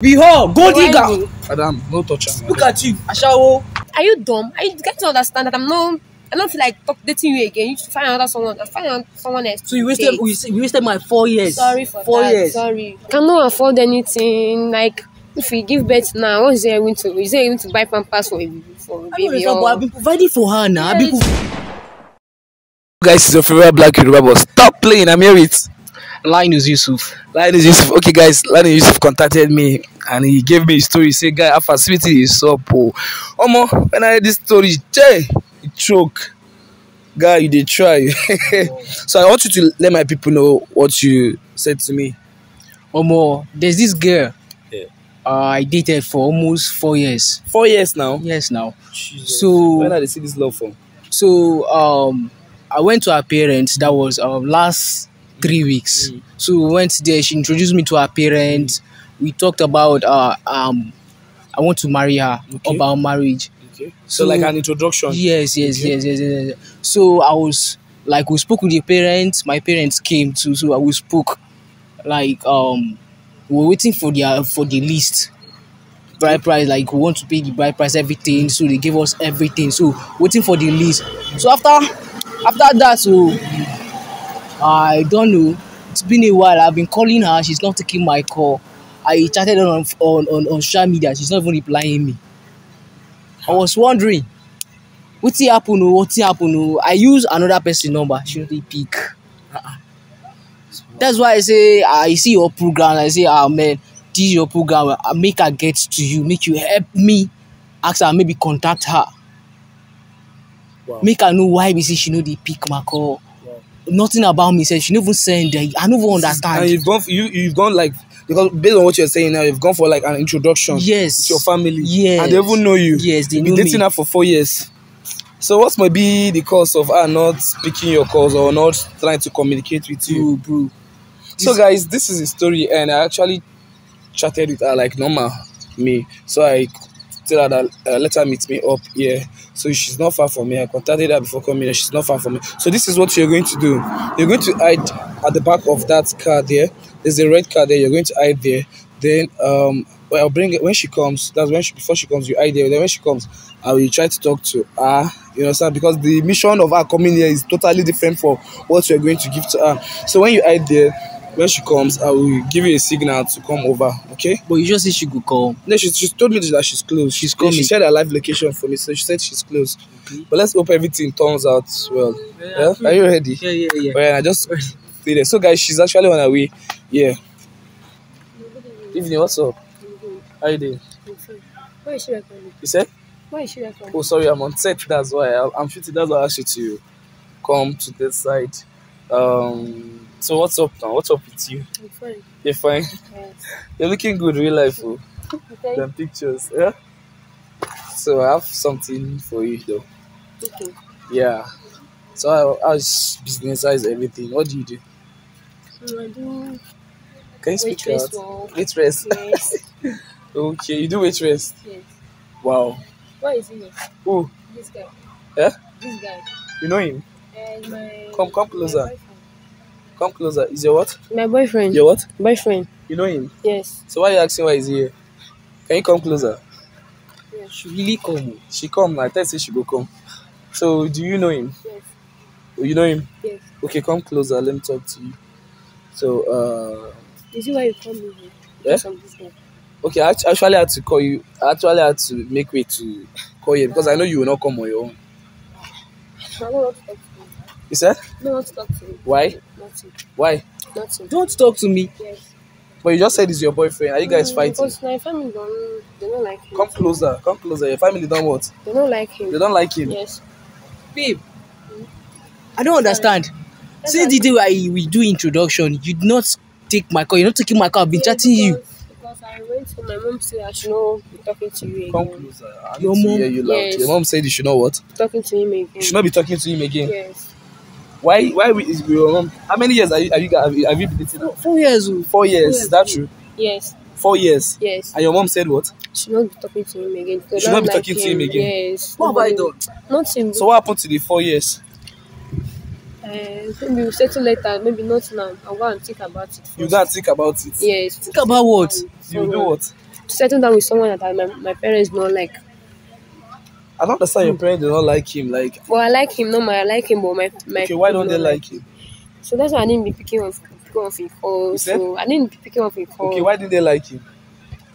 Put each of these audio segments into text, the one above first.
be her gold digger. madam no touch am. look at you asawo. are you dumb are you get to understand that i'm no i don't feel like talk dating you again you should find another someone uh, find someone else. so you wasted you, you wasted my four years. sorry for four that years. sorry. Cannot afford anything like if we give birth now what is there going to is there going to buy pampers for a for a baby or. i no understand but i been providing for her na i been. guys it's your favorite black yoruba boss stop playing i'm here with. Linus Yusuf. Linus Yusuf. Okay, guys, Linus Yusuf contacted me and he gave me a story. Say, guy, our facility is up. Oh, Omo, when I heard this story, che, it e choke. Guy, you did try. so I want you to let my people know what you said to me. Omo, there's this girl. Yeah. Uh, I dated for almost four years. Four years now. Yes, now. Jesus. So when did they see this love from? So um, I went to her parents. That was um, last three weeks. Mm. So we went there. She introduced me to her parents. We talked about uh, um, I want to marry her okay. about marriage. Okay. So, so, like an introduction. Yes, yes, okay. yes, yes, yes, yes. So I was like, we spoke with the parents. My parents came too. So we spoke. Like um, we we're waiting for the for the list bride price like we want to pay the bride price everything so they gave us everything so waiting for the list so after after that so I don't know. It's been a while. I've been calling her. She's not taking my call. I chatted on on on, on social media. She's not even replying me. I was wondering, what's happened? What's happened? I use another person's number. She didn't pick. Uh-uh. That's why I say I see your program. I say, ah oh, man, this is your program. I make her get to you. Make you help me. Ask her maybe contact her. Wow. Make her know why me say she know they pick my call nothing about me sef she no even send i no even understand. and you've gone you you've gone like because based on what you're saying now you've gone for like an introduction. yes to your family. yes and they even know you. yes they know me you've been dating her for four years. so what might be the cause of her not picking your calls or not trying to communicate with you. bro bro. so guys this is a story and i actually chatted with her like normal me so i tell her that uh, let her meet me up here. So she's not far from me. I contacted her before coming here. She's not far from me. So this is what you're going to do. You're going to hide at the back of that car there. There's a red car there. You're going to hide there. Then um, well, I'll bring it when she comes. That's when she before she comes, you hide there. Then when she comes, I will try to talk to her. You know, sir, Because the mission of her coming here is totally different from what you're going to give to her. So when you hide there when she comes, I will give you a signal to come over, okay? But you just said she could come. No, she, she told me that she's close. She's coming. She shared her live location for me, so she said she's close. Okay. But let's hope everything turns out well. Yeah, yeah? Are you ready? Yeah, yeah, yeah. Well, I just stay there. So, guys, she's actually on her way. Yeah. Evening, what's up? How you doing? Why is she recording? You said? Why is she recording? Oh, sorry, I'm on set. That's why I, am shooting. That's why I asked you to come to this side. Um, so what's up now? What's up with you? I'm fine. You're fine. Yes. You're looking good, real life, oh. Than pictures, yeah. So I have something for you, though. Okay. Yeah. So I, how's business? as everything? What do you do? So I do. Can you speak waitress out? Waitress. Yes. okay, you do waitress. Yes. Wow. What is he? Who? This guy. Yeah. This guy. You know him? And my. Come, come closer. Come closer. Is your what? My boyfriend. Your what? Boyfriend. You know him? Yes. So why are you asking why he's here? Can you come closer? She really come. She come. I tell you she go come. So do you know him? Yes. Oh, you know him? Yes. Okay, come closer. Let me talk to you. So, uh... Is it why you come me here? Eh? Yeah? Okay, I actually had to call you. I actually had to make way to call you because I know you will not come on your own. I don't want to talk you said? No, don't talk to me. Why? Nothing. Why? Nothing. Don't talk to me. Yes. But you just said it's your boyfriend. Are you guys mm, fighting? Because my family don't, they don't like him. Come closer. Come closer. Your family don't what? They don't like him. They don't like him. Yes. Babe, mm. I don't understand. See Since the day I, we do introduction, you did not take my call. You're not taking my call. I've been chatting because, you. Because I went to my mom said I should not be talking to you again. Come closer. I Your mom. You yes. Your mom said you should not what? Talking to him again. You should not be talking to him again. Yes. why why is your mom how many years are you Are you have you, have you been dating now. four years o. Oh. four years is that true. yes. four years. yes. and your mom said what. she won't be talking to him again. she won't be like talking him. to him again. yes. what have I done. nothing. so what happened to the four years. Uh, maybe we settle later maybe not now I'll go and think about it first. you go and think about it. yes. think about what. you do what. settle down with someone that my my parents no like. I don't understand your parents do not like him. Like, well, I like him. No, my I like him, but my my. Okay, why don't they like him? So that's why I didn't be picking on picking on his calls. So I didn't be picking up his calls. Okay, why didn't they like him?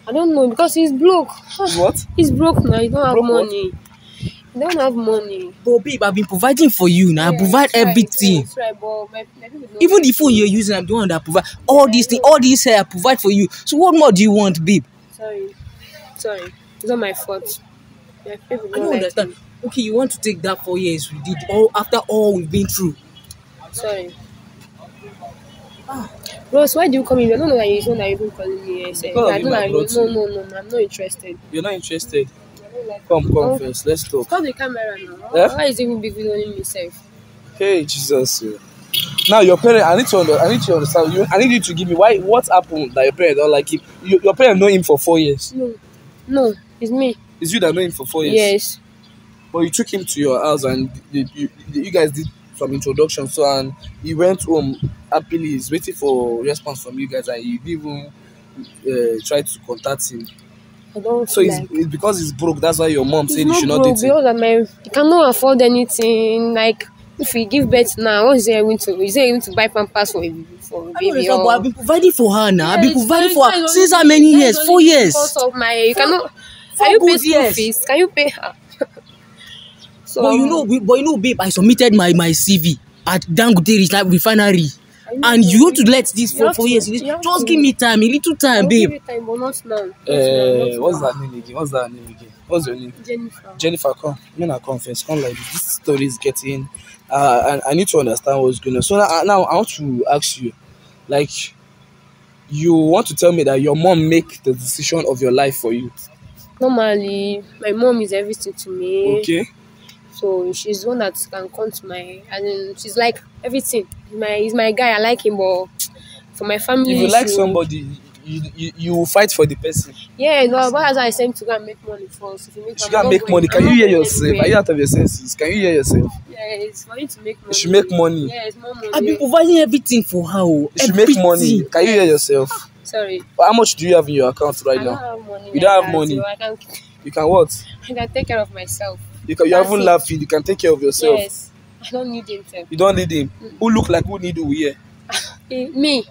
I don't know because he's broke. What? he's broke now. He don't have money. What? He don't have money. But babe, I've been providing for you now. Yeah, I provide right, everything. That's right, but my, my Even the phone you're using, I'm the one that provide all yeah, these things. All these here, I provide for you. So what more do you want, babe? Sorry, sorry. It's not my fault. I don't understand. It. Okay, you want to take that four years we did all after all we've been through. Sorry. Ah. Rose, why do you come in? I don't know that you know that you're calling me. Yes, no, I don't like, no, no, no, no, I'm not interested. You're not interested. come, come oh. first. Let's talk. Stop the camera now. Yeah? Why is it even big me safe? Hey, Jesus. Yeah. Now your parent, I need to, under, I need to understand. You, I need you to give me why. What happened that your parents don't like him? You, your parents know him for four years. No, no, it's me. It's you that know him for four years. Yes. But you took him to your house and they, you, you guys did some introduction. So and he went home happily. He's waiting for response from you guys, and you didn't even uh, try to contact him. I don't so it's, like... it's because he's broke. That's why your mom he's said you should not date him. Because my, he cannot afford anything. Like if he give birth now, what is he going to? Is he going to buy pampers for a for a baby? I or... I've been providing for her now. Yeah, I've been providing for her since how many years? Four years. of my, you cannot. Four you pay school years. fees? Can you pay her? so, but you um, know, but you know, babe, I submitted my my CV at Dangote like refinery. And you want to let this for four years. Just give me time, a little time, babe. Give time, but not now. Uh, what's that name again? What's that name again? What's your name? Jennifer. Jennifer, come. When I confess, come like this. This story is getting. Uh, and I need to understand what's going on. So now, now I want to ask you, like, you want to tell me that your mom make the decision of your life for you normally my mom is everything to me. Okay. So she's one that can come to my and she's like everything. My he's my guy. I like him, but for my family. If you like she, somebody, you, you you will fight for the person. Yeah, no, but as I said to go and make money first. If you make, she can't make money. Can you hear yourself? Anyway. Are you out of your senses? Can you hear yourself? Yeah, it's for you to make money. She make money. Yeah, it's more money. I've been providing everything for her. Oh. She everything. make money. Can you hear yourself? Ah, Sorry. How much do you have in your account right I now? Don't have money you don't have money. You can what? I can take care of myself. You can. You That's haven't it. laughed. You can take care of yourself. Yes. I don't need him. Eh. Sir. You don't need him. Mm. Who look like who need who here? Eh, me.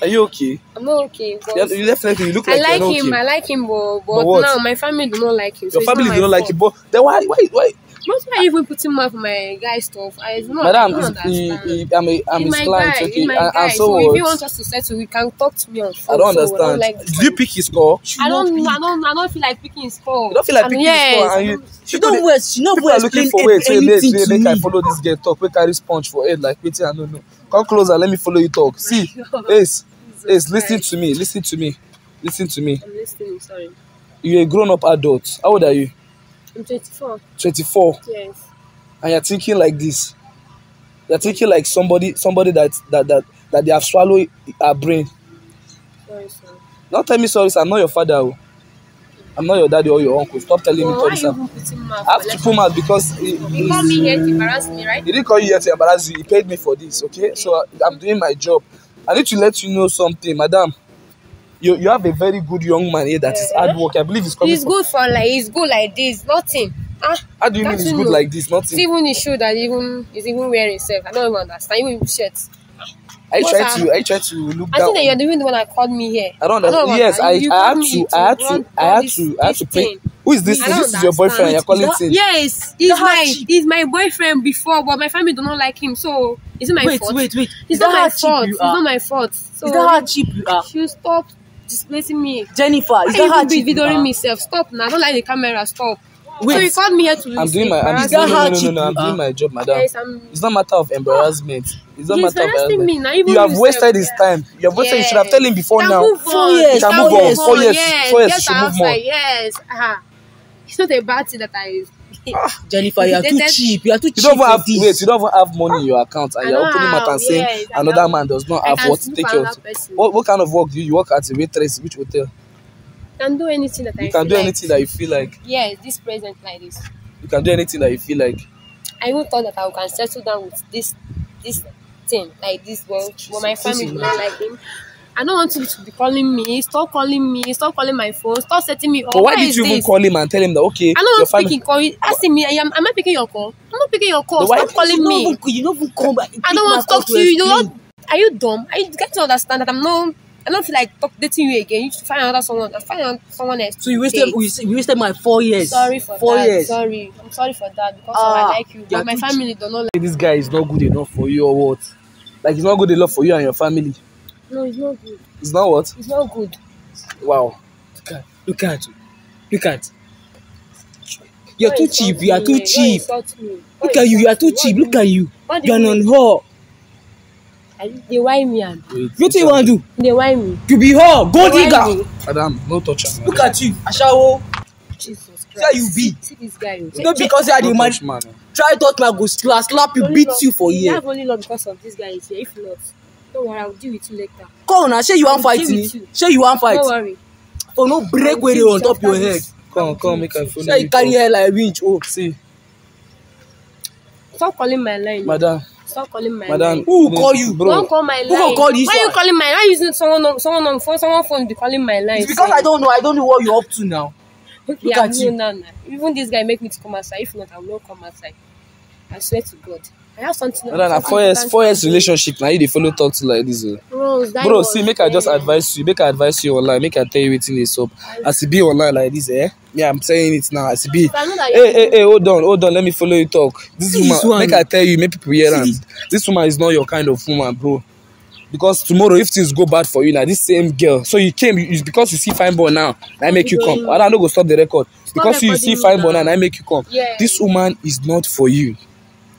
Are you okay? I'm not okay. you definitely you look like I like him. I like him, but, but, but now my family do not like him. Your so family do not like him, but then why? Why? Why? Most why even putting mouth on my guy stuff? I do not, Madam, I don't understand. He, he, I'm a, I'm his client, guy, okay? My and, guy. And so, so if he wants us to settle, we can talk to me on phone. I don't so understand. Don't like do you pick his call? I don't, pick. I don't, I don't feel like picking his call. You don't feel like picking yes. his call. And you, she don't wear. She not wait. looking for wait. to wait, wait. Make I follow this girl talk. Make carry sponge for head like waiting. I don't know. Come closer. Let me follow you talk. See, oh Ace, Ace, listen to me. Listen to me. Listen to me. I'm listening. Sorry. You're a grown-up adult. How old are you? I'm 24. 24. Yes. And you're thinking like this. You're thinking like somebody somebody that that that, that they have swallowed our brain. Sorry, sir. Don't tell me sorry, sir. I'm not your father. Oh. I'm not your daddy or your uncle. Stop telling well, me sorry, sir. I have to put mouth because he, he called me here to embarrass me, right? He didn't call you here to embarrass you. He paid me for this, okay? okay. So I, I'm doing my job. I need to let you know something, madam you you have a very good young man here that is hard work. I believe he's coming. He's good for like he's good like this, nothing. Ah, How do you mean he's good know. like this? Nothing. See even his shoe that even is even wearing himself. I don't even understand. Even his shirt. I try to I try to look I think that you're doing the one that called me here. I don't know. yes, I, you I had to I had to I had to I had to pay. Who is this? this is your boyfriend? You're calling him. Yes, he's my he's my boyfriend before, but my family do not like him, so is it my fault? Wait, wait, wait. It's not my fault. It's not my fault. So is that how cheap you are? You stop displacing me. Jennifer, Why is that how cheating? videoing myself. Stop now. don't like the camera. Stop. Wait, so you called me here to I'm doing my I'm, no, no, no, no, no, I'm doing my job, madam. Yes, I'm... It's not matter of embarrassment. It's not He's matter of embarrassment. Me, now, even you have wasted his yeah. time. You have wasted. Yeah. You should have told him before now. Move on. Four years. Can move on. Four years. Four years. Yes, should move on. Yes. Ah. It's not a bad thing that I Eh, ah, Jennifer, you are too cheap. You are too you Don't have, this. Wait, you don't have money in your account and you're opening up and saying another man does not have what to take care of. What, what kind of work do you, you work at a waitress? Which hotel? can do anything that you I can do like. anything that you feel like. Yes, this present like this. You can do anything that you feel like. I even thought that I can settle down with this this thing, like this one. but my family do not like him. I don't want you to be calling me. Stop calling me. Stop calling my phone. Stop setting me up. But why did you even this? call him and tell him that okay? I don't want to pick call. Asking me, I am. Am I picking your call? I'm not picking your call. Stop calling you me. Even, you don't even come back. I don't want to talk to you. You don't. Are you dumb? Are you get to understand that I'm not. I don't feel like talk, dating you again. You should find another someone. Find another someone else. So you wasted you wasted, my four years. Sorry for four that. years. Sorry, I'm sorry for that because ah, I like you, but my family don't know. Like this guy is not good enough for you or what? Like he's not good enough for you and your family. No, it's not good. It's not what? It's not good. Wow. Look at, look at, look at. You're too cheap. You are too me? cheap. Look at you. You are too cheap. Look at you. You're on whore. They whine me. and. What do you want to do? They whine me. You be whore. Go digger. Adam, no touch me. Look at you. Ashawo. Jesus Christ. Where you be? See this guy. You oh. know because you are the man. Try touch my go slap you, beat you for years. I have only love because of this guy here. If not. Don't worry, I deal with you later. Come now, say you want fight me. Say you want fight. Don't worry. Oh no, break where on top your head. Come, come, make I phone you. Say you carry her like winch. Oh, see. Stop calling my line. Madam. Stop calling my Madam, line. Who call you, bro? Don't call my line. Who call you? Why are you calling my line? Why using someone on someone on phone? Someone phone be calling my line. It's because so. I don't know. I don't know what you're up to now. Look I'm at you now. Even this guy make me to come outside. If not, I will not come outside. I swear to God i have something rather na four years four years relationship Now you dey follow talk to like this oh. bro. bro see make i just advise you make i advise you online make i tell you wetin dey sup as e be online like this eh Yeah, i'm saying it now as e be hey hey hey hold on hold on let me follow you talk this woman make i tell you make people hear and this woman is not your kind of woman bro because tomorrow if things go bad for you na like this same girl so you came you, because you see fine boy now I make you come I don't know go stop the record stop because you see fine boy now I make you come yeah. this woman is not for you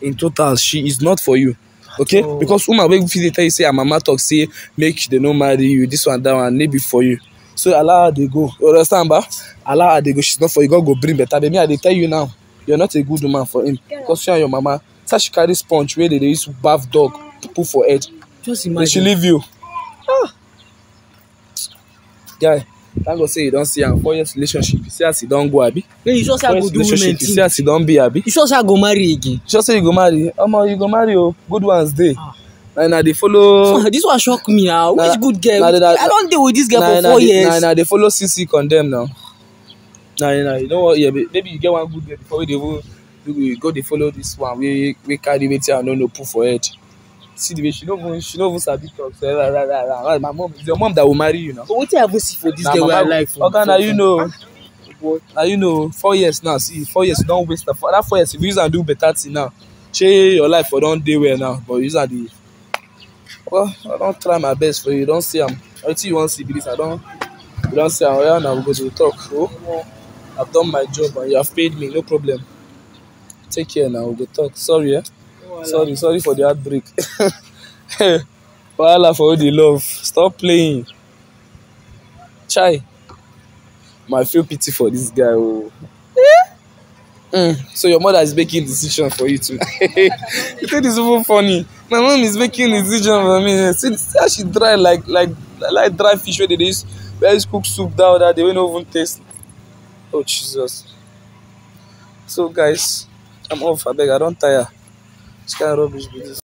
in total she is not for you okay oh. because woman wey fit dey tell you say her mama talk say make dey no marry you this one that one no for you so allow her dey go you understand ba allow her dey go she's not for you god go bring better baby i dey tell you now you're not a good woman for him yeah. because you and your mama start she carry sponge wey dey dey use baff dog put for head just imagine then she leave you ah guy yeah thank god say you don see am four years relationship you see as e don go abi. then you sure say i go do women thing you see as e don be abi. you sure say i go marry again. you sure say you go marry omo you go marry o oh. good ones dey. Ah. na na dey follow. this one shock me ah. na which good girl i don dey with this girl for four years. na na dey follow cc condemn now. na na you know what yeah, maybe you get one good girl before wey go dey go dey follow this one wey wey carry wetin i no know put for head see the way she don't even she don't even sabi talk so rah rah rah rah my mom it's your mom that will marry you now. but wetin i to see for dis girl wey i like for. oga na you know ah. na you know four years now see four years you don waste na that four years if you use am do better thing now change your life for don't dey well now but you use am dey well i don't try my best for you Don't don see am wetin you wan see this i don't. you don see am oya na we go dey talk oh I've done my job and you have paid me no problem take care now. we go talk sorry yeah sorry sorry for the heartbreak wahala for all the love stop playing chai My feel pity for this guy o. Oh. Eh? mm. so your mother is making decision for you too you think this even funny my mom is making decision for me see see how she dry like like like dry fish wey dey dey use wey use cook soup that other day wey no even taste oh jesus so guys i'm off abeg i don tire. Os caras,